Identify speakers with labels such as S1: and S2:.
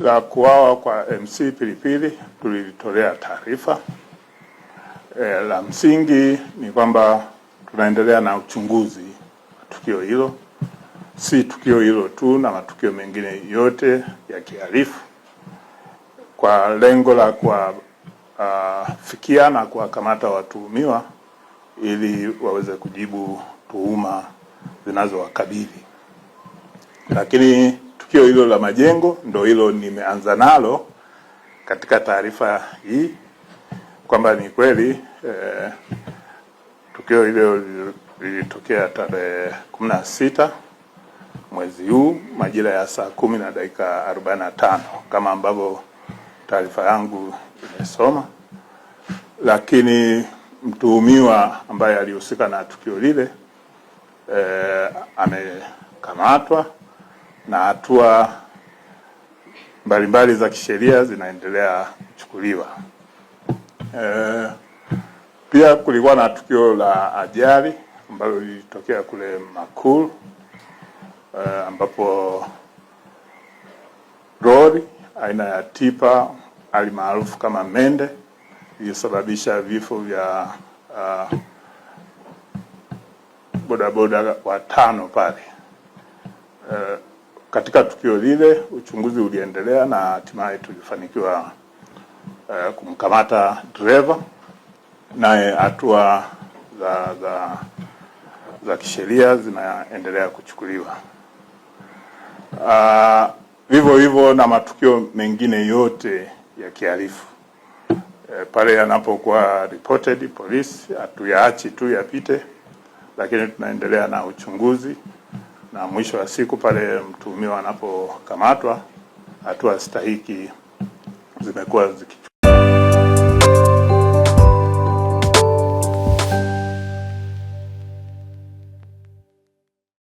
S1: la kuawa kwa MC Pilipili tulilitolea taarifa. E, la msingi ni kwamba tunaendelea na uchunguzi wa tukio hilo, si tukio hilo tu na matukio mengine yote ya kihalifu kwa lengo la kuwafikia uh, na kuwakamata watuhumiwa ili waweze kujibu tuhuma zinazowakabili lakini tukio hilo la majengo, ndo hilo nimeanza nalo katika taarifa hii kwamba ni kweli eh, tukio hilo lilitokea tarehe kumi na sita mwezi huu majira ya saa kumi na dakika arobaini na tano kama ambavyo taarifa yangu imesoma, lakini mtuhumiwa ambaye alihusika na tukio lile eh, amekamatwa na hatua mbalimbali za kisheria zinaendelea kuchukuliwa. E, pia kulikuwa na tukio la ajali ambalo lilitokea kule Makulu e, ambapo lori aina ya tipa alimaarufu kama mende ilisababisha vifo vya uh, bodaboda watano pale uh, katika tukio lile uchunguzi uliendelea na hatimaye tulifanikiwa uh, kumkamata dereva, naye hatua za, za, za kisheria zinaendelea kuchukuliwa. Uh, vivyo hivyo na matukio mengine yote ya kihalifu e, pale yanapokuwa reported polisi, hatuyaachi tu yapite, lakini tunaendelea na uchunguzi na mwisho wa siku pale mtuhumiwa anapokamatwa hatua stahiki zimekuwa ziki